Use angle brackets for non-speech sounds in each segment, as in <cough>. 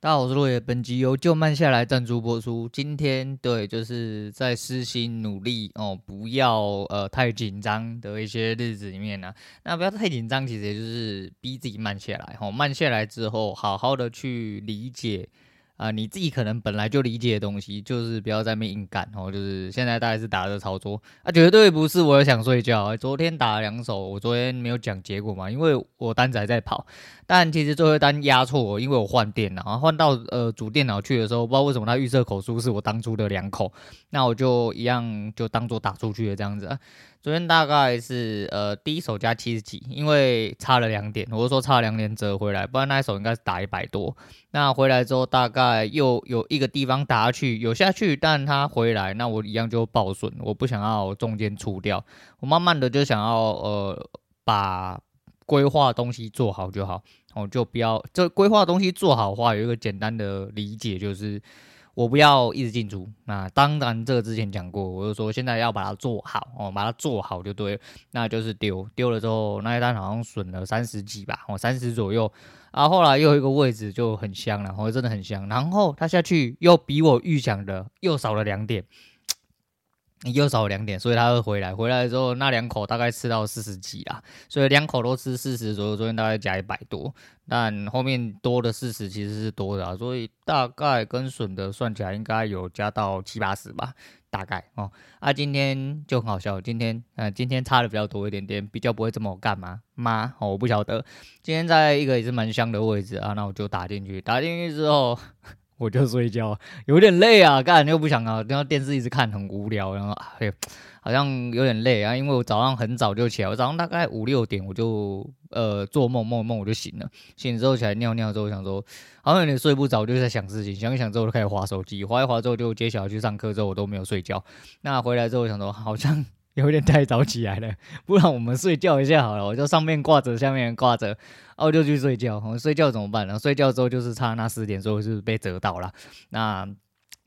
大家好，我是路野。本集由就慢下來贊助播出。今天對，就是在私心努力哦，不要呃太緊張的一些日子裡面呢、啊，那不要太緊張，其實也就是逼自己慢下來哦。慢下來之後，好好的去理解啊、呃，你自己可能本來就理解的東西，就是不要在那邊硬幹哦。就是現在大概是打的操作，啊，絕對不是我有想睡覺、欸。昨天打了兩手，我昨天沒有講結果嘛，因為我單子還在跑。但其實最後一單壓錯，因為我換電腦，換到呃主電腦去的時候，不知道為什麼它預設口數是我當初的兩口，那我就一樣就當做打出去了這樣子啊。昨天大概是呃第一手加七十幾，因為差了兩點，我都說差兩點折回來，不然那一手應該是打一百多。那回來之後大概又有一個地方打下去，有下去，但它回來，那我一樣就報損，我不想要中間出掉，我慢慢的就想要呃把規劃東西做好就好。我就不要這規劃的東西做好的話，有一個簡單的理解，就是我不要一直進出。那當然，這個之前講過，我就說現在要把它做好，哦，把它做好就對。那就是丟，丟了之後，那一單好像損了三十幾吧，哦，三十左右。然後後來又有一個位置就很香了，然後真的很香。然後他下去又比我預想的又少了兩點。又少了兩點，所以他會回來。回來之後，那兩口大概吃到四十幾啦，所以兩口都吃四十左右。中間大概加一百多，但後面多的四十其實是多的啦，所以大概跟筍的算起來，應該有加到七八十吧，大概哦。啊，今天就很好笑，今天嗯、呃，今天差的比較多一點點，比較不會這麼幹嘛媽，我不曉得。今天在一個也是蠻香的位置啊，那我就打進去，打進去之後。我就睡覺，有點累，啊，幹又不想啊，然後電視一直看，很無聊，然後哎，好像有點累啊，因為我早上很早就起來，我早上大概五六點我就呃做夢夢夢我就醒了，醒了之後起來尿尿之後想說好像有點睡不着，我就在想事情，想一想之後就開始滑手機，滑一滑之後就接小孩去上課之後我都沒有睡覺，那回來之後想說好像。有點太早起來了，不然我們睡覺一下好了。我就上面掛着，下面掛着，然後，就去睡覺。我們睡覺怎麼辦呢？睡覺之後就是差那四點，之後就被折到了。那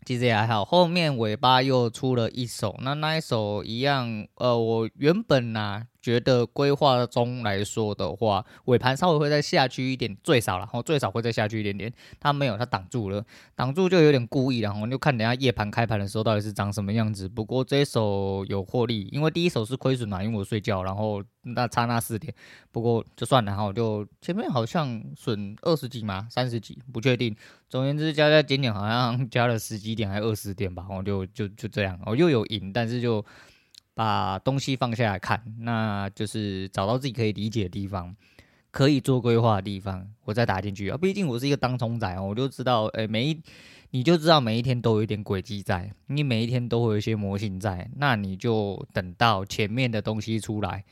其實也還好，後面尾巴又出了一手。那那一手一樣，呃，我原本呢、啊。覺得規劃中來說的話，尾盤稍微會再下去一點，最少了，然後最少會再下去一點點。它沒有，它擋住了，擋住就有點故意，然後就看等下夜盤開盤的時候到底是長什麼樣子。不過這一手有獲利，因為第一手是虧損嘛，因為我睡覺，然後那差那四點，不過就算了哈，就前面好像損二十幾嘛，三十幾，不確定。總而言之，加加減減好像加了十幾點還二十點吧，我就就就這樣，我又有贏，但是就。把東西放下來看，那就是找到自己可以理解的地方，可以做規劃的地方，我再打進去啊。畢竟我是一個當沖仔哦，我就知道，哎、欸，每一你就知道每一天都有一點軌跡在，你每一天都會有一些模型在，那你就等到前面的東西出來。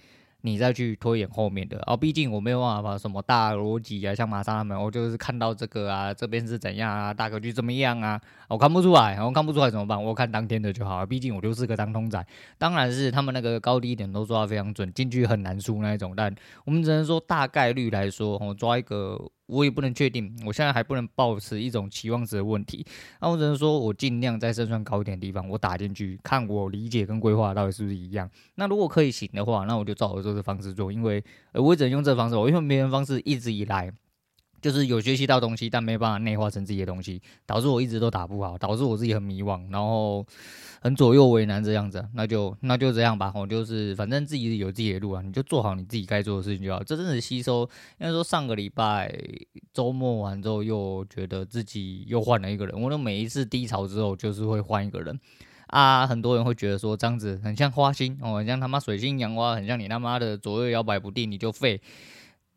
你再去推演後面的啊，畢、哦、竟我沒有辦法把什麼大邏輯啊，像瑪莎他們，我就是看到這個啊，這邊是怎樣啊，大格局怎麼樣啊、哦，我看不出來，我、哦、看不出來怎麼辦？我看當天的就好，畢竟我就是個當通仔。當然是他們那個高低點，都抓得非常準，進去很難輸那一種，但我們只能說大概率來說，我、哦、抓一個。我也不能確定，我現在還不能抱持一種期望值的問題，那我只能說，我儘量在勝算高一點的地方，我打進去看我理解跟規劃到底是不是一樣。那如果可以行的話，那我就照我做的方式做，因為呃，我只能用這方式，我用別人方式一直以來，就是有學習到東西，但沒辦法內化成自己的東西，導致我一直都打不好，導致我自己很迷惘，然後很左右為難這樣子，那就那就這樣吧，我就是反正自己有自己的路啊，你就做好你自己該做的事情就好。這真的是吸收，因為說上個禮拜周末完之後，又覺得自己又換了一個人。我的每一次低潮之後，就是會換一個人啊。很多人會覺得說這樣子很像花心，哦，很像他媽水性楊花，很像你他媽的左右搖擺不定，你就廢。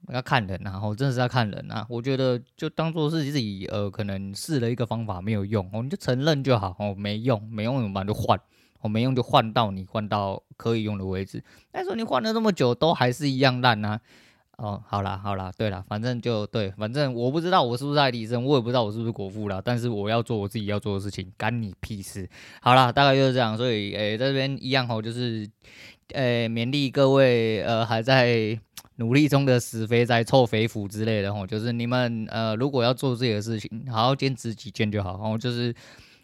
要看人、啊，然後真的是要看人啊！我覺得就當做是自己呃，可能試了一個方法沒有用，哦，你就承認就好，哦，沒用，沒用，怎麼辦？就換，我沒用就換到你換到可以用的位置。但是你換了這麼久，都還是一樣爛啊！哦，好啦，好啦，對啦，反正就對，反正我不知道我是不是愛迪生，我也不知道我是不是國父啦。但是我要做我自己要做的事情，幹你屁事！好啦，大概就是這樣，所以誒、欸，在這邊一樣哦，就是。誒、欸，勉勵各位，呃，還在努力中的死肥宅，臭肥虎之類的，吼，就是你們，呃，如果要做這個事情，好好堅持幾件就好，然後就是，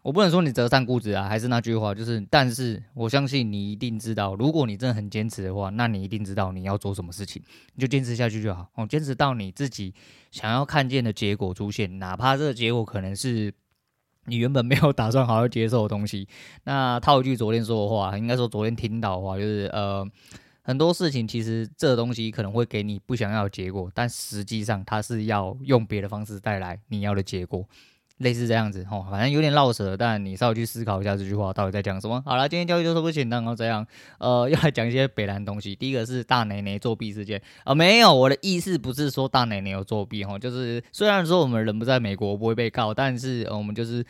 我不能說你擇善固執啊，還是那句話，就是，但是我相信你一定知道，如果你真的很堅持的話，那你一定知道你要做什麼事情，你就堅持下去就好，哦，堅持到你自己想要看見的結果出現，哪怕這個結果可能是。你原本沒有打算好好接受的東西，那套一句昨天說的話，應該說昨天聽到的話，就是呃，很多事情其實這東西可能會給你不想要的結果，但實際上它是要用別的方式帶來你要的結果。類似這樣子吼、哦，反正有點繞舌，但你稍微去思考一下這句話到底在講什麼。好了，今天教育就說不簡單哦，然後這樣，呃，又來講一些北南東西。第一個是大奶奶作弊事件啊、呃，沒有，我的意思不是說大奶奶有作弊吼、哦，就是雖然說我們人不在美國不會被告，但是、呃、我們就是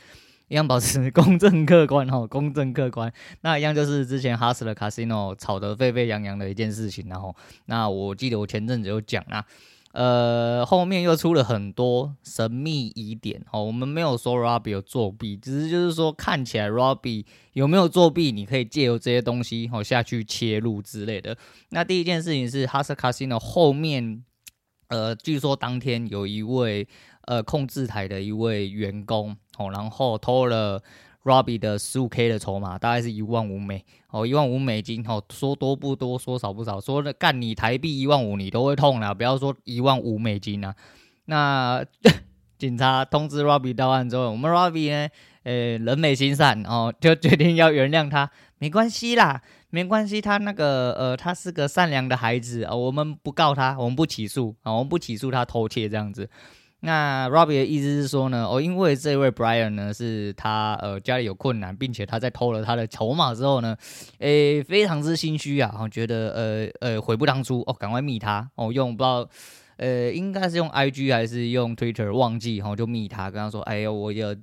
一樣保持公正客觀吼、哦，公正客觀。那一樣就是之前 Hustler Casino 吵得沸沸揚揚的一件事情、啊，然、哦、後那我記得我前陣子有講啊。呃，後面又出了很多神秘疑點哦。我們沒有說 Robby 有作弊，只是就是說看起來 Robby 有沒有作弊，你可以借由這些東西、哦、下去切入之類的。那第一件事情是 Hustler Casino 後面，呃，據說當天有一位。呃，控制台的一位員工哦，然後偷了 Robbie 的十五 K 的籌碼，大概是一萬五美，哦，一萬五美金哦，說多不多，說少不少，說幹你台幣一萬五你都會痛啦、啊，不要說一萬五美金啊。那警察通知 Robbie 到案之後，我們 Robbie 呢，呃，人美心善哦，就決定要原諒他，沒關係啦，沒關係，他那個呃，他是個善良的孩子、哦，我們不告他，我們不起訴，啊、哦，我們不起訴他偷竊這樣子。那 Robbie 的意思是說呢，哦，因為這位 Brian 呢，是他呃家裡有困難，並且他在偷了他的籌碼之後呢，誒、欸、非常之心虛啊、哦，覺得呃呃悔不當初哦，趕快密他哦，用不知道呃應該是用 IG 還是用 Twitter 忘記，然、哦、後就密他，跟他說，哎呦，我有誒、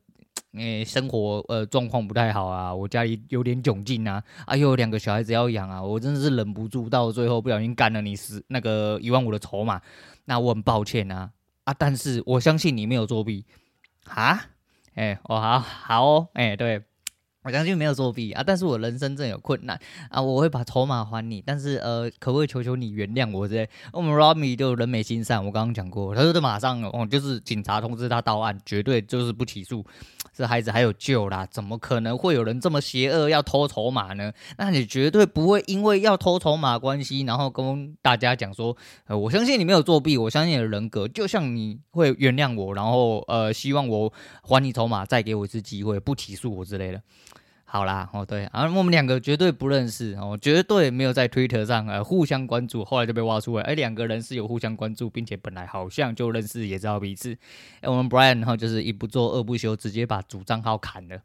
呃、生活呃狀況不太好啊，我家裡有點窘境啊，哎呦兩個小孩子要養啊，我真的是忍不住，到最後不小心幹了你十那個一萬五的籌碼，那我很抱歉啊。啊！但是我相信你沒有作弊，哈？哎，我好好哦，哎，哦，欸，對。我相信沒有作弊啊，但是我人生真有困難啊，我會把籌碼還你，但是呃，可不可以求求你原諒我之類的、哦？我們 Rami 就人美心善，我剛剛講過，他說他馬上哦、嗯，就是警察通知他到案，絕對就是不起訴，這孩子還有救啦！怎麼可能會有人這麼邪惡要偷籌碼呢？那你絕對不會因為要偷籌碼關係，然後跟大家講說，呃，我相信你沒有作弊，我相信你的人格，就像你會原諒我，然後呃，希望我還你籌碼，再給我一次機會，不起訴我之類的。好啦，哦對，而、啊、我們兩個絕對不認識哦，絕對沒有在 Twitter 上呃互相關注，後來就被挖出來。哎、欸，兩個人是有互相關注，並且本來好像就認識，也知道彼此。哎、欸，我們 Brian 然、哦、後就是一不做二不休，直接把主賬號砍了。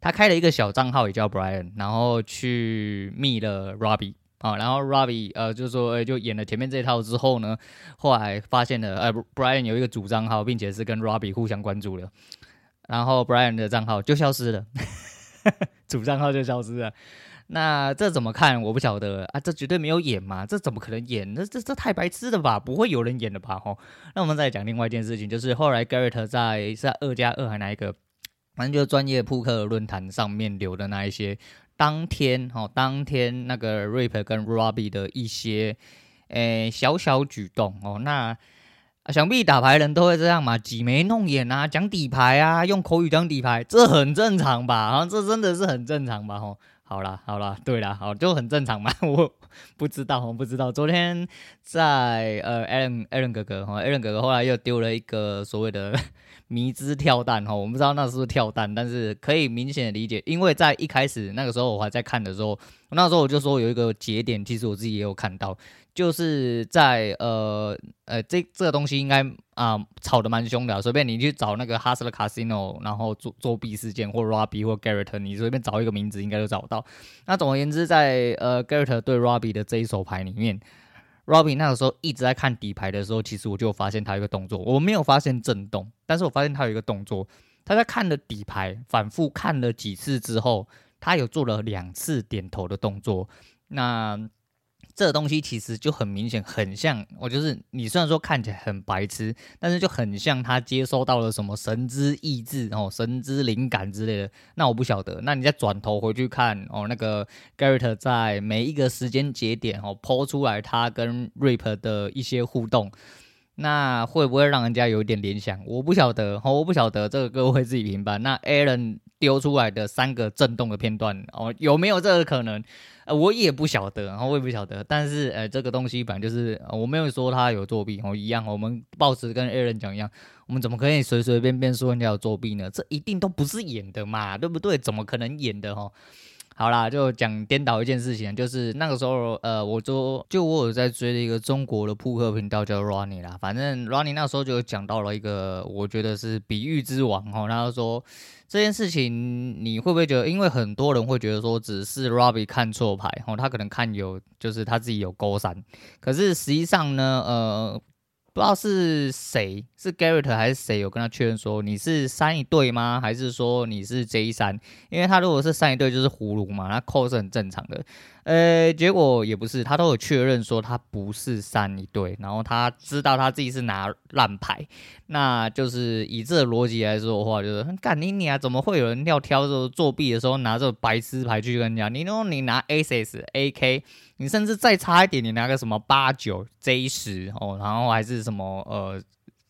他開了一個小賬號，也叫 Brian，然後去密了 Robbie 啊、哦。然後 Robbie 呃，就是說、欸、就演了前面這套之後呢，後來發現了哎、呃、Brian 有一個主賬號，並且是跟 Robbie 互相關注了。然後 Brian 的賬號就消失了。 <laughs> <laughs> 主賬號就消失了，那這怎麼看？我不曉得啊，這絕對沒有演嘛，這怎麼可能演？那這這，這太白痴了吧，不會有人演的吧？吼、哦，那我們再講另外一件事情，就是後來 Garrett 在在二加二還哪一個，反正就是專業撲克論壇上面留的那一些，當天哦，當天那個 Rip 跟 Robbie 的一些誒小小舉動哦，那。啊，想必打牌人都會這樣嘛，擠眉弄眼啊，講底牌啊，用口語講底牌，這很正常吧？啊，這真的是很正常吧？哦，好啦，好啦，對啦，好，就很正常嘛，我不知道，我不知道，知道昨天在呃 Alan Alan 哥哥，哈 Alan 哥哥後來又丟了一個所謂的。迷之跳蛋哈，我不知道那是不是跳蛋，但是可以明顯理解，因為在一開始那個時候我還在看的時候，那個、時候我就說有一個節點，其實我自己也有看到，就是在呃呃、欸、這這個東西應該啊、呃、吵得蠻凶的、啊，隨便你去找那個 Hustler Casino，然後作作弊事件或 Robbie 或 Garrett 你隨便找一個名字應該都找到。那總而言之在，在呃 Garrett 對 Robbie 的這一手牌裡面。Robin 那個時候一直在看底牌的時候，其實我就有發現他有一個動作，我沒有發現震動，但是我發現他有一個動作，他在看了底牌反覆看了幾次之後，他有做了兩次點頭的動作，那。這個東西其實就很明顯，很像，我就是你雖然說看起來很白痴，但是就很像他接收到了什麼神之意志，然後神之靈感之類的。那我不曉得，那你再轉頭回去看哦，那個 Garrett 在每一個時間節點哦拋出來，他跟 Rip 的一些互動。那會不會讓人家有一點聯想？我不曉得，我不曉得這個各位自己評判。那 Aaron 丟出來的三個震動的片段，哦，有沒有這個可能？我也不曉得，我也不曉得。但是，呃，這個東西反正就是，我沒有說他有作弊，一樣，我們保持跟 Aaron 講一樣，我們怎麼可以隨隨便便說人家有作弊呢？這一定都不是演的嘛，對不對？怎麼可能演的？哦。好啦，就講顛倒一件事情，就是那個時候，呃，我就，就我有在追了一個中國的撲克頻道叫 Ronnie 啦。反正 Ronnie 那時候就講到了一個，我覺得是比喻之王哦。他就說這件事情，你會不會覺得，因為很多人會覺得說只是 Robby 看錯牌哦，他可能看有就是他自己有勾三，可是實際上呢，呃。不知道是誰，是 Garrett 還是誰？我跟他確認說你是三一對嗎？還是說你是 J 三？因為他如果是三一對，就是葫蘆嘛，那 call 是很正常的。呃、欸，結果也不是，他都有確認說他不是三一隊，然後他知道他自己是拿爛牌，那就是以這個邏輯來說的話，就是幹你你啊，怎麼會有人要挑這個作弊的時候拿着白痴牌去跟人家？你弄你拿 Aces A K，你甚至再差一點，你拿個什麼八九 J 十哦，然後還是什麼呃。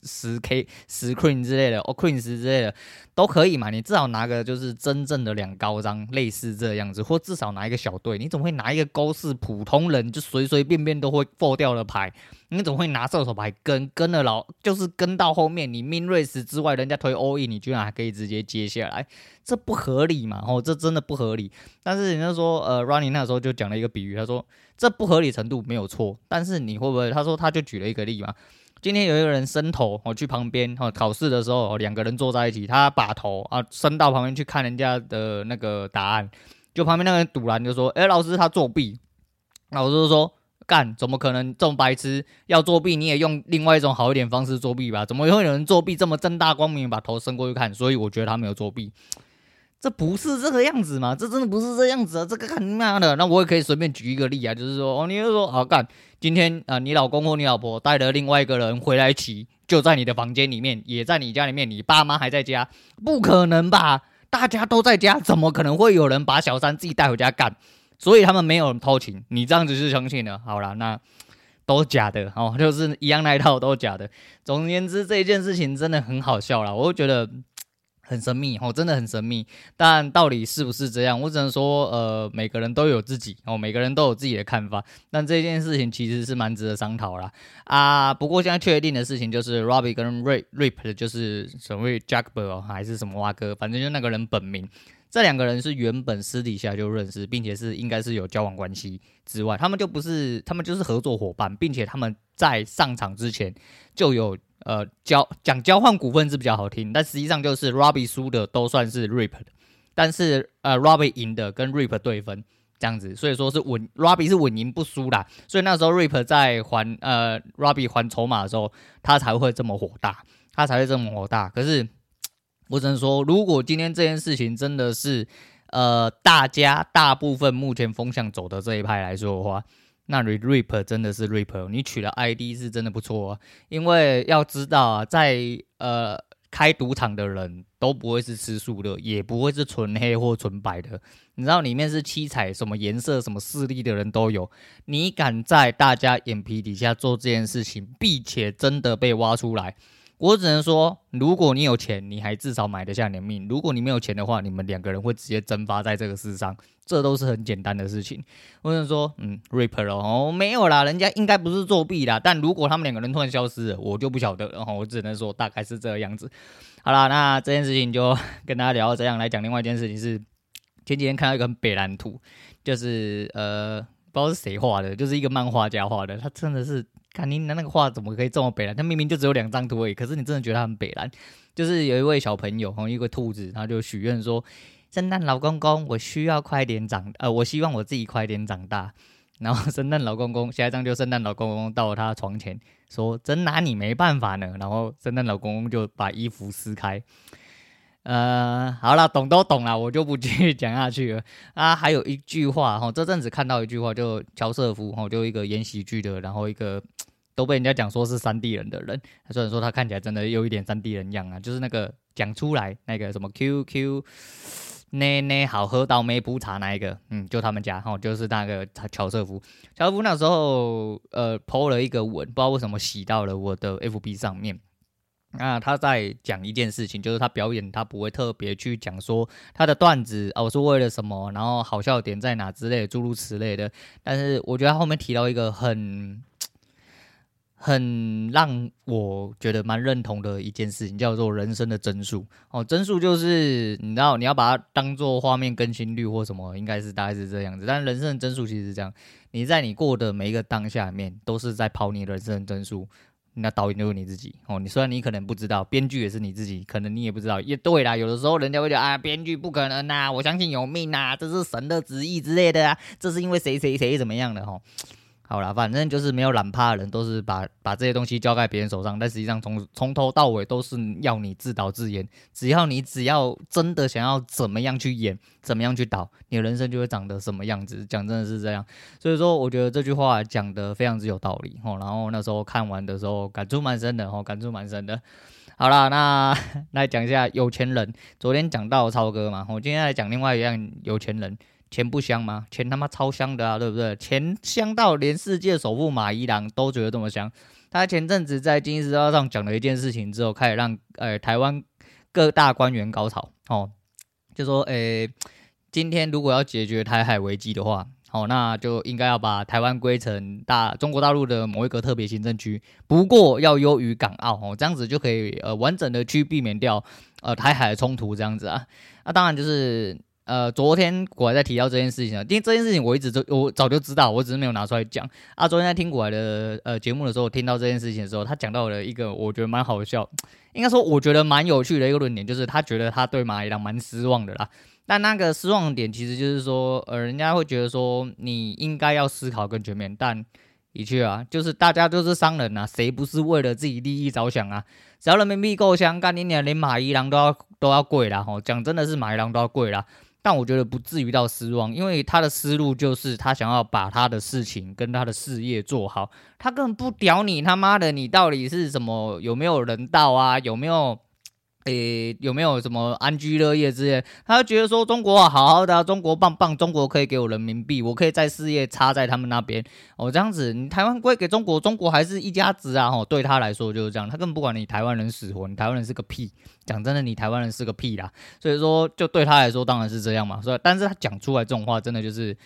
十 K 十 Queen 之類的，哦 Queen 十之類的，都可以嘛。你至少拿個就是真正的兩高張，類似這樣子，或至少拿一個小對。你怎麼會拿一個勾四，普通人就隨隨便便都會破掉的牌？你怎麼會拿射手牌跟跟了老，就是跟到後面？你 min raise 之外，人家推 All in 你居然還可以直接接下來？這不合理嘛？哦，這真的不合理。但是人家說，呃，Running 那時候就講了一個比喻，他說這不合理程度沒有錯，但是你會不會？他說他就舉了一個例嘛。今天有一個人伸頭，我、哦、去旁邊。哈、哦，考試的時候，兩、哦、個人坐在一起，他把頭啊伸到旁邊去看人家的那個答案，就旁邊那個人堵了，就說：“哎、欸，老師，他作弊。”老師就說：“幹，怎麼可能這麼？這種白痴要作弊，你也用另外一種好一點方式作弊吧？怎麼會有人作弊這麼正大光明把頭伸過去看？所以我覺得他沒有作弊。”這不是這個樣子嗎？這真的不是這樣子啊！這個很媽的，那我也可以隨便舉一個例啊，就是說，哦，你又說，好幹，今天啊、呃，你老公或你老婆帶着另外一個人回來騎，就在你的房間裡面，也在你家裡面，你爸媽還在家，不可能吧？大家都在家，怎麼可能會有人把小三自己帶回家幹？所以他們沒有人偷情，你這樣子是誠信的。好了，那都假的哦，就是一樣那一套，都假的。總而言之，這一件事情真的很好笑了，我就覺得。很神秘哦，真的很神秘。但到底是不是這樣？我只能說，呃，每個人都有自己哦，每個人都有自己的看法。但這件事情其實是蠻值得商討啦啊。不過現在確定的事情就是，Robbie 跟 Rip，Rip 的就是什麼 Jacob 還是什麼蛙哥，反正就那個人本名。這兩個人是原本私底下就認識，並且是應該是有交往關係之外，他們就不是，他們就是合作夥伴，並且他們在上場之前就有。呃，交講交換股份是比較好聽，但實際上就是 Robbie 輸的都算是 RIP，但是呃 Robbie 贏的跟 RIP 對分這樣子，所以說是穩 Robbie 是穩贏不輸啦，所以那時候 RIP 在還呃 Robbie 還籌碼的時候，他才會這麼火大，他才會這麼火大。可是我只能說，如果今天這件事情真的是呃大家大部分目前風向走的這一派來說的話。那 Reaper 真的是 Reaper 你取的 ID 是真的不錯，啊，因為要知道啊，在呃開賭場的人都不會是吃素的，也不會是純黑或純白的，你知道裡面是七彩，什麼顏色、什麼勢力的人都有。你敢在大家眼皮底下做這件事情，並且真的被挖出來？我只能說，如果你有錢，你還至少買得下你的命；如果你沒有錢的話，你們兩個人會直接蒸發在這個世上，這都是很簡單的事情。我只能說，嗯，Ripper 了、哦，哦，沒有啦，人家應該不是作弊啦。但如果他們兩個人突然消失了，我就不曉得然後、嗯、我只能說大概是這個樣子。好了，那這件事情就跟大家聊到這樣，來講另外一件事情是，前幾天看到一個很北蘭圖，就是呃，不知道是誰畫的，就是一個漫畫家畫的，他真的是。看您，那那個畫怎麼可以這麼北藍？他明明就只有兩張圖而已，可是你真的覺得他很北藍，就是有一位小朋友，和、嗯、一個兔子，他就許願說：“聖誕老公公，我需要快點長，呃，我希望我自己快點長大。”然後聖誕老公公，下一張就聖誕老公公到了他床前，說：“真拿你沒辦法呢。”然後聖誕老公公就把衣服撕開。呃，好了，懂都懂了，我就不繼續講下去了啊！還有一句話哈，這陣子看到一句話，就喬瑟夫哈，就一個演喜劇的，然後一個都被人家講說是山地人的人，他雖然說他看起來真的有一點山地人一樣啊，就是那個講出來那個什麼 QQ 奈奈好喝到咩噗茶那一個，嗯，就他們家哈，就是那個喬瑟夫，喬瑟夫那時候呃，PO 了一個文，不知道為什麼洗到了我的 FB 上面。那、啊、他在講一件事情，就是他表演，他不會特別去講說他的段子哦、啊，我是為了什麼，然後好笑點在哪之類的諸如此類的。但是我覺得他後面提到一個很很讓我覺得蠻認同的一件事情，叫做人生的幀數。哦，幀數就是你知道你要把它當做畫面更新率或什麼，應該是大概是這樣子。但人生的幀數其實是這樣，你在你過的每一個當下面，都是在跑你的人生的幀數。那導演就是你自己哦，你雖然你可能不知道，編劇也是你自己，可能你也不知道。也對啦，有的時候人家會覺得啊，編劇不可能吶、啊，我相信有命吶、啊，這是神的旨意之類的啊，這是因為誰誰誰怎麼樣的哈。哦好了，反正就是沒有懶趴的人，都是把把這些東西交在別人手上，但實際上從從頭到尾都是要你自導自演，只要你只要真的想要怎麼樣去演，怎麼樣去導，你的人生就會長得什麼樣子，講真的是這樣，所以說我覺得這句話講的非常之有道理哦。然後那時候看完的時候感觸蠻深的哦，感觸蠻深的。好了，那來講一下有錢人，昨天講到超哥嘛，我今天來講另外一樣有錢人。錢不香嗎？錢他媽超香的啊，對不對？錢香到連世界首富馬誼郎都覺得這麼香。他前陣子在《金石堂》上講了一件事情之後，開始讓呃台灣各大官員高潮哦，就說呃今天如果要解決台海危機的話，哦那就應該要把台灣歸成大中國大陸的某一個特別行政區，不過要優於港澳哦，這樣子就可以呃完整的去避免掉呃台海的衝突這樣子啊。那、啊、當然就是。呃，昨天股癌在提到這件事情啊，因為這件事情我一直都我早就知道，我只是沒有拿出來講啊。昨天在聽股癌的呃節目的時候，我聽到這件事情的時候，他講到了一個我覺得蠻好笑，應該說我覺得蠻有趣的一個論點，就是他覺得他對馬誼郎蠻失望的啦。但那個失望的點其實就是說，呃，人家會覺得說你應該要思考更全面，但的確啊，就是大家都是商人吶、啊，誰不是為了自己利益着想啊？只要人民幣夠香，幹你娘連馬誼郎都要都要跪了哦。講真的是馬誼郎都要跪了。但我覺得不至於到失望，因為他的思路就是他想要把他的事情跟他的事業做好，他根本不屌你他媽的，你到底是什麼？有沒有人道啊？有沒有？誒、欸，有沒有什麼安居樂業之類？他覺得說中國好好的、啊，中國棒棒，中國可以給我人民幣，我可以在事業插在他們那邊。哦，這樣子，你台灣歸給中國，中國還是一家子啊！吼、哦，對他來說就是這樣，他根本不管你台灣人死活，你台灣人是個屁。講真的，你台灣人是個屁啦。所以說，就對他來說當然是這樣嘛。所以，但是他講出來這種話，真的就是，誒、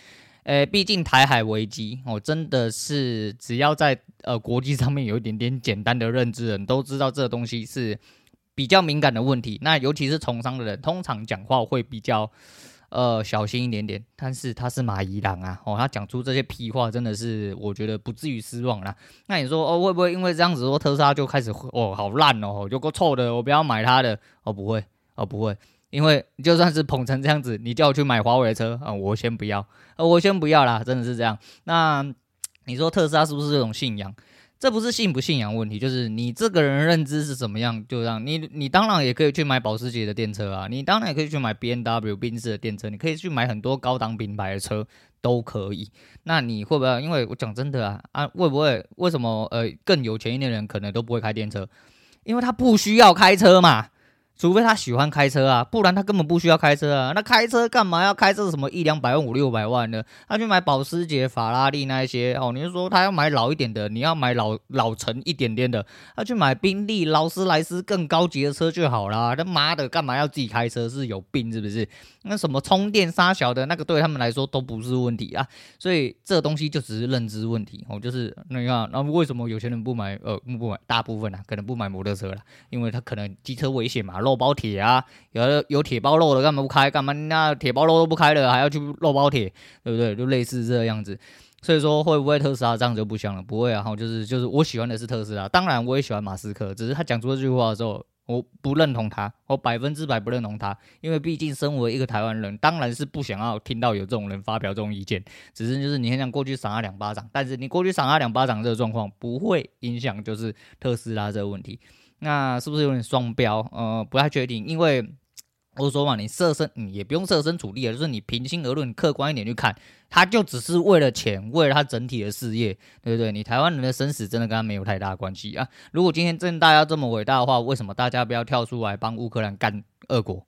欸，畢竟台海危機，哦，真的是只要在呃國際上面有一點點簡單的認知人，人都知道這東西是。比較敏感的問題，那尤其是從商的人，通常講話會比較，呃，小心一點點。但是他是馬誼郎啊，哦，他講出這些屁話，真的是我覺得不至於失望啦。那你說哦，會不會因為這樣子說特斯拉就開始哦，好爛哦，就夠臭的，我不要買他的哦，不會哦，不會，因為就算是捧成這樣子，你叫我去買華為的車啊、嗯，我先不要、哦，我先不要啦，真的是這樣。那你說特斯拉是不是這種信仰？這不是信不信仰問題，就是你這個人認知是什麼樣，就這樣。你你當然也可以去買保時捷的電車啊，你當然也可以去買 B M W 賓士的電車，你可以去買很多高檔品牌的車都可以。那你會不會？因為我講真的啊啊，會不會？為什麼？呃，更有錢一點的人可能都不會開電車，因為他不需要開車嘛。除非他喜歡開車啊，不然他根本不需要開車啊。那開車幹嘛要開車什麼一兩百萬五六百萬呢？他、啊、去買保時捷、法拉利那一些哦。你是說他要買老一點的？你要買老老成一點點的？他、啊、去買賓利、勞斯萊斯更高級的車就好啦，他媽的，幹嘛要自己開車？是有病是不是？那什麼充電沙小的那個對他們來說都不是問題啊。所以這東西就只是認知問題哦。就是那你看，那、啊、為什麼有錢人不買呃不買大部分呢、啊？可能不買摩托車了，因為他可能機車危險嘛。肉包鐵啊，有，有的有鐵包肉的，幹嘛不開？幹嘛那鐵包肉都不開了，還要去肉包鐵，對不對？就類似這樣子。所以說會不會特斯拉這樣子就不香了？不會啊，哈，就是就是我喜歡的是特斯拉，當然我也喜歡馬斯克，只是他講出這句話的時候，我不認同他，我百分之百不認同他，因為畢竟身為一個台灣人，當然是不想要聽到有這種人發表這種意見。只是就是你很想過去賞他兩巴掌，但是你過去賞他兩巴掌這個狀況不會影響就是特斯拉這個問題。那是不是有點雙標？呃、嗯，不太確定，因為我說嘛，你設身，你也不用設身處地，就是你平心而論，你客觀一點去看，他就只是為了錢，為了他整體的事業，對不對？你台灣人的生死真的跟他沒有太大關係啊。如果今天真的大家這麼偉大的話，為什麼大家不要跳出來幫烏克蘭幹俄國？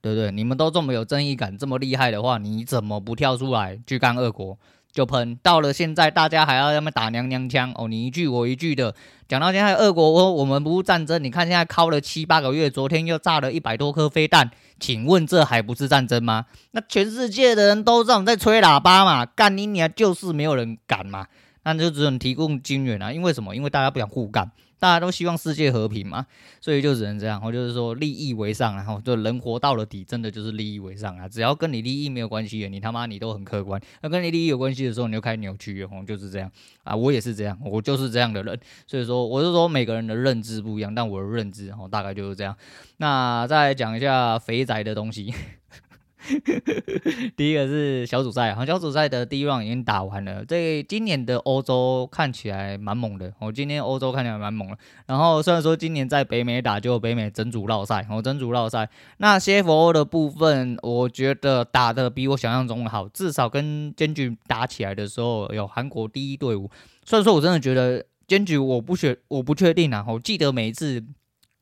對不對？你們都這麼有正義感，這麼厲害的話，你怎麼不跳出來去幹俄國？就噴到了現在，大家還要他媽打娘娘腔哦，你一句我一句的講到現在，俄國我們不是戰爭？你看現在敲了七八個月，昨天又炸了一百多顆飛彈，請問這還不是戰爭嗎？那全世界的人都這樣在吹喇叭嘛？幹你娘，就是沒有人敢嘛？那就只能提供軍援啊，因為什麼？因為大家不想互幹。大家都希望世界和平嘛，所以就只能這樣。我就是說利益為上，然後就人活到了底，真的就是利益為上啊。只要跟你利益沒有關係的，你他媽你都很客觀；那跟你利益有關係的時候，你就開始扭曲了。就是這樣啊。我也是這樣，我就是這樣的人。所以說，我是說每個人的認知不一樣，但我的認知吼大概就是這樣。那再來講一下肥宅的東西。 <laughs> <laughs> 第一個是小組賽，好，小組賽的第一 round 已經打完了。對，今年的歐洲看起來蠻猛的，我今年歐洲看起來蠻猛的，然後雖然說今年在北美打就北美整組繞賽，好，整組繞賽。那 CFO 的部分，我覺得打的比我想象中的好，至少跟 Gen.G 打起來的時候有韓國第一隊伍。雖然說我真的覺得 Gen.G 我不確我不確定啊，我記得每一次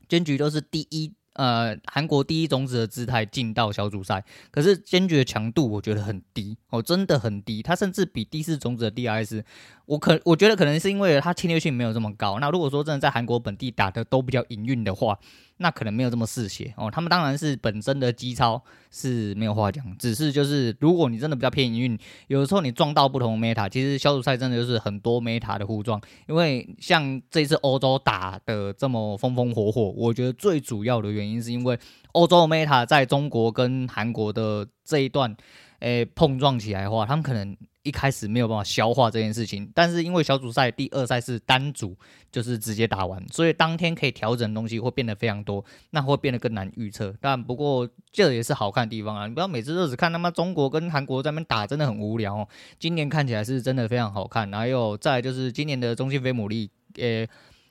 Gen.G 都是第一。呃，韓國第一種子的姿態進到小組賽，可是堅決強度我覺得很低，哦、喔，真的很低。他甚至比第四種子的 DRX 我可我覺得可能是因為他侵略性沒有這麼高。那如果說真的在韓國本地打的都比較營運的話。那可能沒有這麼嗜血哦，他們當然是本身的基操是沒有話講，只是就是如果你真的比較偏營運，因有時候你撞到不同的 meta，其實小組賽真的就是很多 meta 的互撞，因為像這次歐洲打的這麼風風火火，我覺得最主要的原因是因為歐洲的 meta 在中國跟韓國的這一段。哎、欸，碰撞起來的話，他們可能一開始沒有辦法消化這件事情。但是因為小組賽第二賽是單組，就是直接打完，所以當天可以調整的東西會變得非常多，那會變得更難預測。但不過這也是好看的地方啊！你不要每次都只看他媽中國跟韓國在那邊打，真的很無聊，喔。今年看起來是真的非常好看。還有再來就是今年的中信飛牡蠣，欸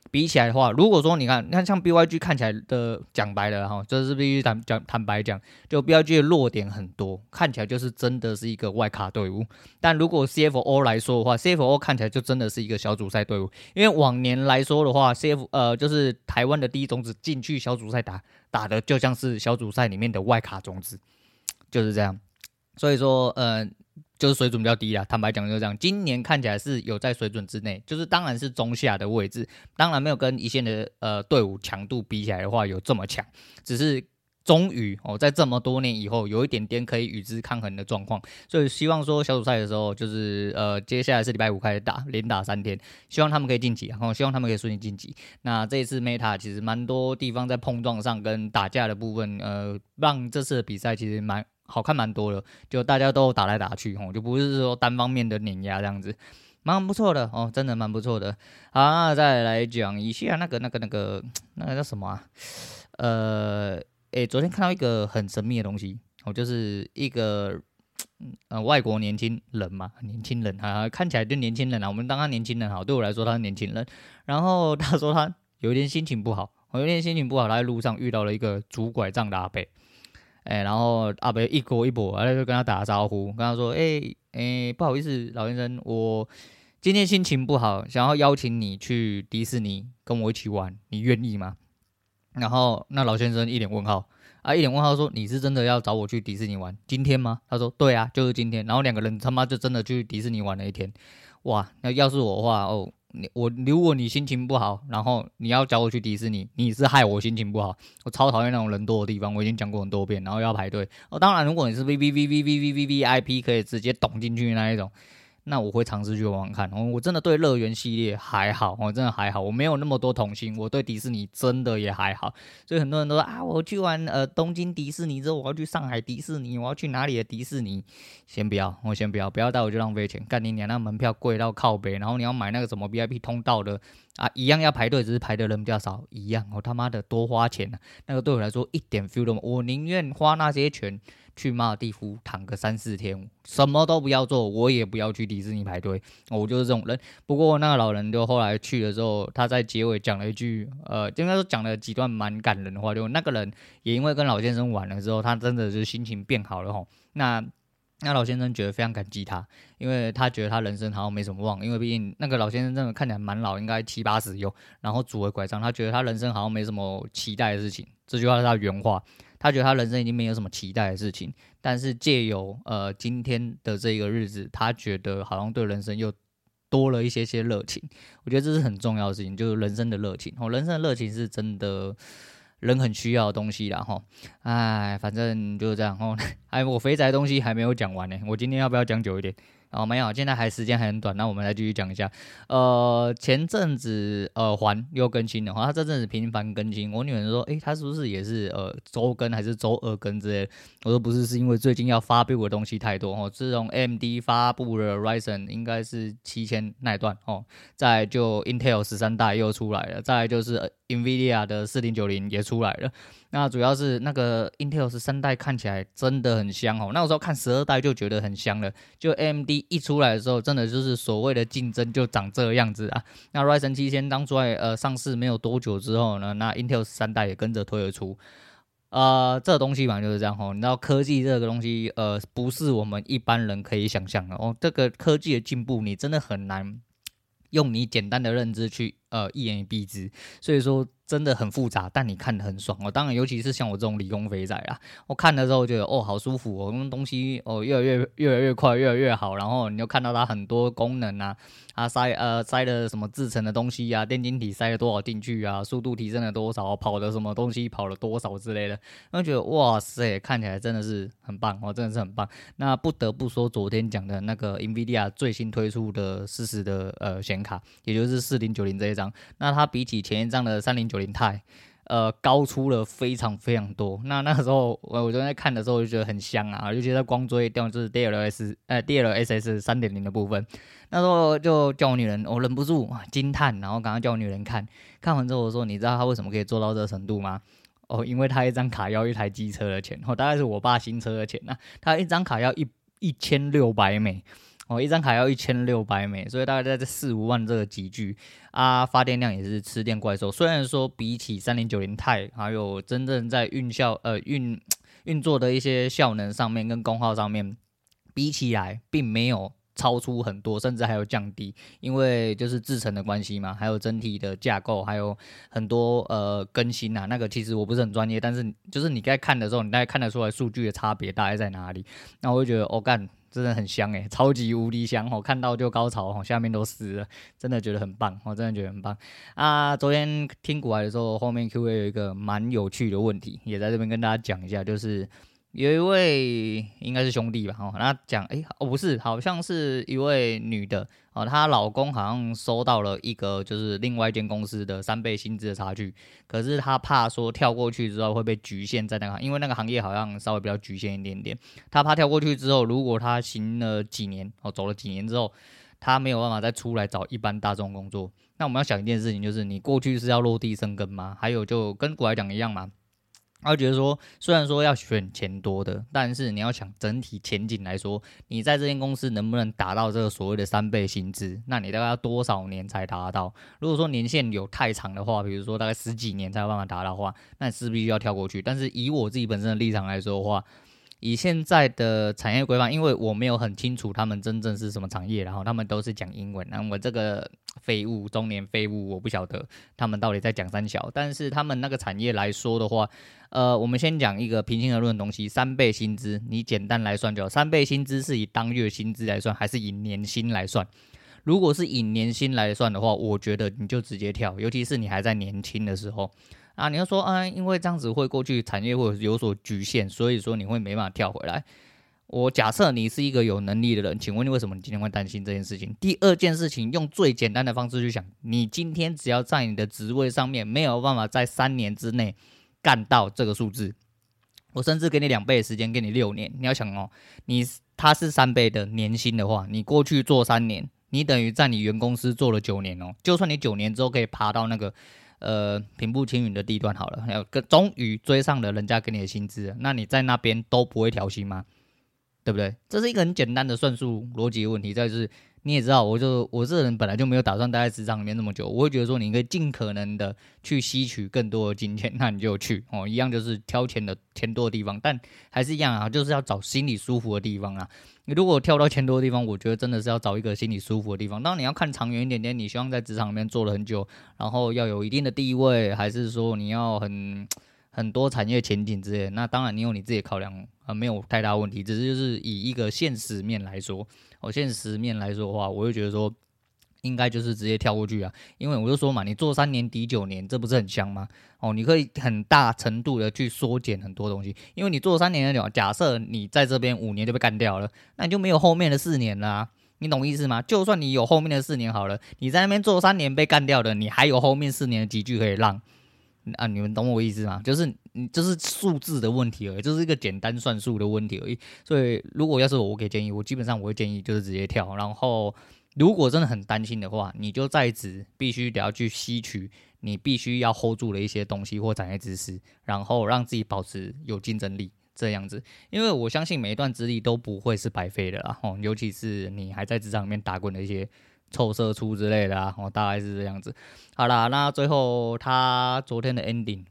比起來的話，如果說你看，你看像 BYG 看起來的講白了哈，就是必須坦講坦白講，就 BYG 的弱點很多，看起來就是真的是一個外卡隊伍。但如果 CFO 來說的話，CFO 看起來就真的是一個小組賽隊伍，因為往年來說的話，CFO 呃就是台灣的第一種子進去小組賽打打的，就像是小組賽裡面的外卡種子，就是這樣。所以說，呃。就是水準比較低啦，坦白講就是這樣。今年看起來是有在水準之內，就是當然是中下的位置，當然沒有跟一線的呃隊伍強度比起來的話有這麼強。只是終於哦，在這麼多年以後，有一點點可以與之抗衡的狀況。所以希望說小組賽的時候，就是呃接下來是禮拜五開始打，連打三天，希望他們可以晉級，然後希望他們可以順利晉級。那這一次 Meta 其實蠻多地方在碰撞上跟打架的部分，呃，讓這次的比賽其實蠻。好看蠻多的，就大家都打來打去吼，就不是說單方面的碾壓這樣子，蠻不錯的哦，真的蠻不錯的。好、啊，那再來講一下那個那個那個那個叫什麼？啊？呃，誒，昨天看到一個很神秘的東西，哦，就是一個呃外國年輕人嘛，年輕人啊，看起來就年輕人啊，我們當他年輕人好，對我來說他是年輕人。然後他說他有一天心情不好，有一天心情不好，他在路上遇到了一個拄拐杖的阿伯。哎、欸，然後阿伯一過一撥，然後就跟他打招呼，跟他說：“哎、欸、哎、欸，不好意思，老先生，我今天心情不好，想要邀請你去迪士尼跟我一起玩，你願意嗎？”然後那老先生一臉問號啊，一臉問號說：“你是真的要找我去迪士尼玩今天嗎？”他說：“對啊，就是今天。”然後兩個人他媽就真的去迪士尼玩了一天，哇！那要是我的話哦。你我，如果你心情不好，然後你要找我去迪士尼，你是害我心情不好。我超討厭那種人多的地方，我已經講過很多遍，然後要排隊。哦，當然，如果你是 VVVVVVVIP，可以直接捅進去那一種。那我會嘗試去玩，玩看，我、哦、我真的對樂園系列還好，我、哦、真的還好，我沒有那麼多童心。我對迪士尼真的也還好，所以很多人都說啊，我去完呃東京迪士尼之後，我要去上海迪士尼，我要去哪裡的迪士尼？先不要，我、哦、先不要，不要帶我就浪費錢。幹你娘、啊，那門票貴到靠北，然後你要買那個什麼 VIP 通道的啊，一樣要排隊，只是排的人比較少，一樣，我、哦、他媽的多花錢啊！那個對我來說一點 feel 都沒有，我寧願花那些錢。去馬爾地夫躺個三四天，什麼都不要做，我也不要去迪士尼排隊，我就是這種人。不過那個老人就後來去了之後，他在結尾講了一句，呃，應該說講了幾段蠻感人的話，就那個人也因為跟老先生玩了之後，他真的是心情變好了吼，那。那老先生覺得非常感激他，因為他覺得他人生好像沒什麼望，因為畢竟那個老先生真的看起來蠻老，應該七八十有，然後拄了拐杖，他覺得他人生好像沒什麼期待的事情。這句話是他原話，他覺得他人生已經沒有什麼期待的事情，但是借由呃，今天的這個日子，他覺得好像對人生又多了一些些熱情。我覺得這是很重要的事情，就是人生的熱情。我、哦、人生的熱情是真的。人很需要的東西啦，吼，哎，反正就是這樣，吼，哎，我肥宅的東西還沒有講完呢，欸，我今天要不要講久一點？哦，喔，沒有，現在還時間還很短，那我們來繼續講一下，呃，前陣子 Huan，呃、又更新了，吼，他這陣子頻繁更新，我女兒說，哎，欸，他是不是也是呃周更還是周二更之類？我說不是，是因為最近要發布的東西太多，吼，自從 AMD 發布的 Ryzen 應該是七千那一段，吼，再來就 Intel 十三代又出來了，再來就是。呃 NVIDIA 的四零九零也出來了，那主要是那個 Intel 13代看起來真的很香哦。那個時候看十二代就覺得很香了，就 AMD 一出來的時候，真的就是所謂的競爭就長這個樣子啊。那 Ryzen 七千當初在呃上市沒有多久之後呢，那 Intel 13代也跟着推而出，呃，這東西嘛就是這樣哦。你知道科技這個東西，呃，不是我們一般人可以想象的哦。這個科技的進步，你真的很難用你簡單的認知去。呃，一言以蔽之，所以說真的很複雜，但你看得很爽哦。當然，尤其是像我這種理工肥仔啊，我看的時候覺得哦，好舒服哦，東西哦，越來越越來越快，越來越好。然後你又看到它很多功能啊，啊，塞呃塞了什麼製程的東西啊，電晶體塞了多少進去啊，速度提升了多少，跑的什麼東西跑了多少之類的，那覺得哇塞，看起來真的是很棒哦，真的是很棒。那不得不說，昨天講的那個 Nvidia 最新推出的四十的呃顯卡，也就是四零九零這張，那它比起前一張的3090 Ti，呃，高出了非常非常多。那那個時候我我就在看的時候就覺得很香啊，就覺得光追掉就是 DLSS 呃、欸、DLSS 三點零的部分，那時候就叫我女人，我、哦、忍不住驚歎，然後趕快叫我女人看看完之後我說，你知道她為什麼可以做到這程度嗎？哦，因為她一張卡要一台機車的錢，哦，大概是我爸新車的錢，那他一張卡要一一千六百美。哦，一張卡要一千六百美，所以大概在這四五萬這個級距啊，發電量也是吃電怪獸。雖然說比起三零九零鈦還有真正在運效呃運運作的一些效能上面跟功耗上面比起來，並沒有超出很多，甚至還有降低，因為就是制程的關係嘛，還有整體的架構，還有很多呃更新啊。那個其實我不是很專業，但是就是你在看的時候，你大概看得出來數據的差別大概在哪裡。那我就覺得，我、哦、幹。真的很香哎、欸，超級無敵香吼、喔！看到就高潮、喔、下面都濕了，真的覺得很棒，我、喔、真的覺得很棒啊！昨天聽股癌的時候，後面 Q&A 有一個蠻有趣的問題，也在這邊跟大家講一下，就是。有一位應該是兄弟吧，哦，他講，哎，哦，不是，好像是一位女的，哦，她老公好像收到了一個就是另外一間公司的三倍薪資的差距，可是她怕說跳過去之後會被局限在那個行，因為那個行業好像稍微比較局限一點點，她怕跳過去之後，如果她行了幾年，哦，走了幾年之後，她沒有辦法再出來找一般大眾工作。那我們要想一件事情，就是你過去是要落地生根嗎？還有就跟股來講一樣嘛。他覺得說，雖然說要選錢多的，但是你要想整體前景來說，你在這間公司能不能達到這個所謂的三倍薪資？那你大概要多少年才達到？如果說年限有太長的話，比如說大概十幾年才有辦法達到的話，那你是不是要跳過去？但是以我自己本身的立場來說的話，以現在的產業規範，因為我沒有很清楚他們真正是什麼產業，然後他們都是講英文，然後我這個廢物中年廢物，我不曉得他們到底在講三小。但是他們那個產業來說的話，呃，我們先講一個平心而論的東西，三倍薪資，你簡單來算就好。三倍薪資是以當月薪資來算，還是以年薪來算？如果是以年薪來算的話，我覺得你就直接跳，尤其是你還在年輕的時候。啊，你要說啊，因為這樣子會過去產業會有所局限，所以說你會沒辦法跳回來。我假設你是一個有能力的人，請問你為什麼你今天會擔心這件事情？第二件事情，用最簡單的方式去想，你今天只要在你的職位上面沒有辦法在三年之內幹到這個數字，我甚至給你兩倍的時間，給你六年。你要想哦，你他是三倍的年薪的話，你過去做三年，你等於在你原公司做了九年哦。就算你九年之後可以爬到那個。呃，平步青雲的地段好了，然後終於追上了人家給你的薪資，那你在那邊都不會調薪嗎？對不對？這是一個很簡單的算術邏輯問題，再、就是。你也知道，我就我這人本來就沒有打算待在職場裡面那麼久。我會覺得說，你應該盡可能的去吸取更多的金錢，那你就去哦，一樣就是挑錢的錢多的地方。但還是一樣啊，就是要找心裡舒服的地方啊。你如果挑到錢多的地方，我覺得真的是要找一個心裡舒服的地方。當然你要看長遠一點點，你希望在職場裡面做了很久，然後要有一定的地位，還是說你要很很多產業前景之類的？那當然你有你自己考量啊、呃，沒有太大問題，只是就是以一個現實面來說。哦，現實面來說的話，我就覺得說，應該就是直接跳過去啊，因為我就說嘛，你做三年抵九年，這不是很香嗎？哦，你可以很大程度的去縮減很多東西，因為你做三年的，假設你在這邊五年就被幹掉了，那你就沒有後面的四年了、啊，你懂意思嗎？就算你有後面的四年好了，你在那邊做三年被幹掉了，你還有後面四年的積蓄可以浪。啊，你們懂我意思嗎？就是你這、就是數字的問題而已，就是一個簡單算數的問題而已。所以，如果要是我，我給建議，我基本上我會建議就是直接跳。然後，如果真的很擔心的話，你就在職必須得要去吸取你必須要 hold 住的一些東西或產業知識，然後讓自己保持有競爭力，這樣子。因為我相信每一段資歷都不會是白費的，啦。吼，尤其是你還在職場裡面打滾的一些。湊色出之類的啊，我、哦、大概是這樣子。好啦，那最後他昨天的 ending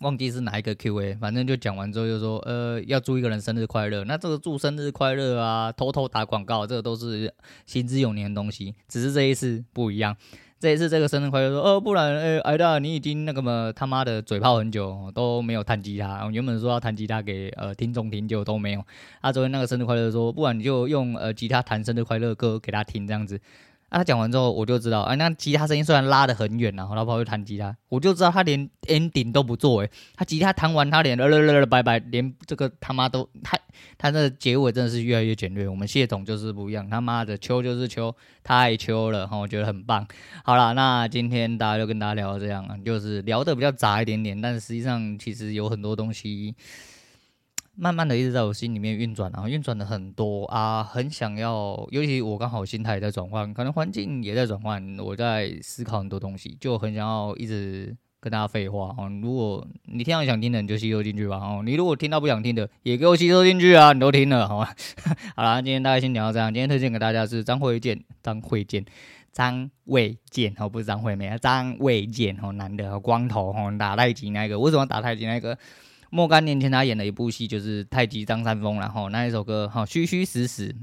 忘記是哪一個 Q A，反正就講完之後就說，呃，要祝一個人生日快樂。那這個祝生日快樂啊，偷偷打廣告，這個都是行之有年的東西，只是這一次不一樣。這一次這個生日快樂說，呃，不然，哎、欸，艾達你已經那個嘛，他媽的嘴炮很久都沒有彈吉他，我原本說要彈吉他給呃聽眾聽，就都沒有。啊，昨天那個生日快樂說，不然你就用呃吉他彈生日快樂歌給他聽，這樣子。那、啊、他講完之後，我就知道啊、欸，那吉他聲音雖然拉得很遠、啊，然後老婆又彈吉他，我就知道他連 ending 都不做哎、欸，他吉他彈完，他連略略略略拜拜，連這個他媽都，他他的結尾真的是越來越簡略。我們謝總就是不一樣，他媽的秋就是秋，太秋了哈，我覺得很棒。好了，那今天大家就跟大家聊到這樣，就是聊的比較雜一點點，但實際上其實有很多東西。慢慢的，一直在我心裡面運轉、啊，然後運轉的很多啊，很想要，尤其我剛好心態也在轉換，可能環境也在轉換，我在思考很多東西，就很想要一直跟大家廢話哦。如果你聽到想聽的，你就吸收進去吧哦。你如果聽到不想聽的，也給我吸收進去啊，你都聽了，好、哦、吧？ <laughs> 好啦，今天大概先聊到這樣。今天推薦給大家是張衛健，張衛健，張衛健、哦、不是張惠妹，張、啊、衛健哦，男的，光頭、哦、打太極那個，為什麼打太極那個？若干年前，他演了一部戲，就是《太極張三豐》，然後那一首歌，哈，虛虛實實。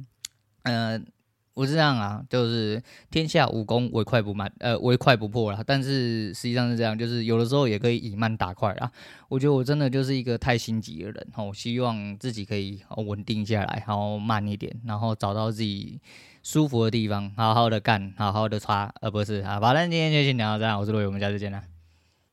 嗯、呃，我是這樣啊，就是天下武功唯快不慢，呃，唯快不破啦。但是實際上是這樣，就是有的時候也可以以慢打快啦。我覺得我真的就是一個太心急的人，哦，希望自己可以穩定下來，然後慢一點，然後找到自己舒服的地方，好好的幹，好好的擦，而不是好、啊、吧，那今天就先聊到這樣，我是羅偉，我們下次見啦。